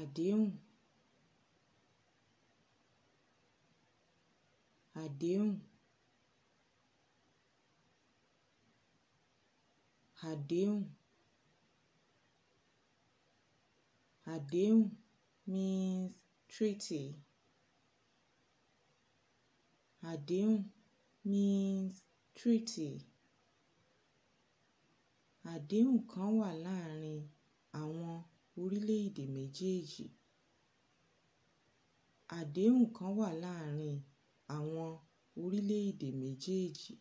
àdéhùn àdéhùn àdéhùn àdéhùn means treaty àdéhùn means treaty àdéhùn kan wà láàárín orílẹ̀-èdè méjèèjì. Àdéhùn kan wà láàárín àwọn orílẹ̀-èdè méjèèjì.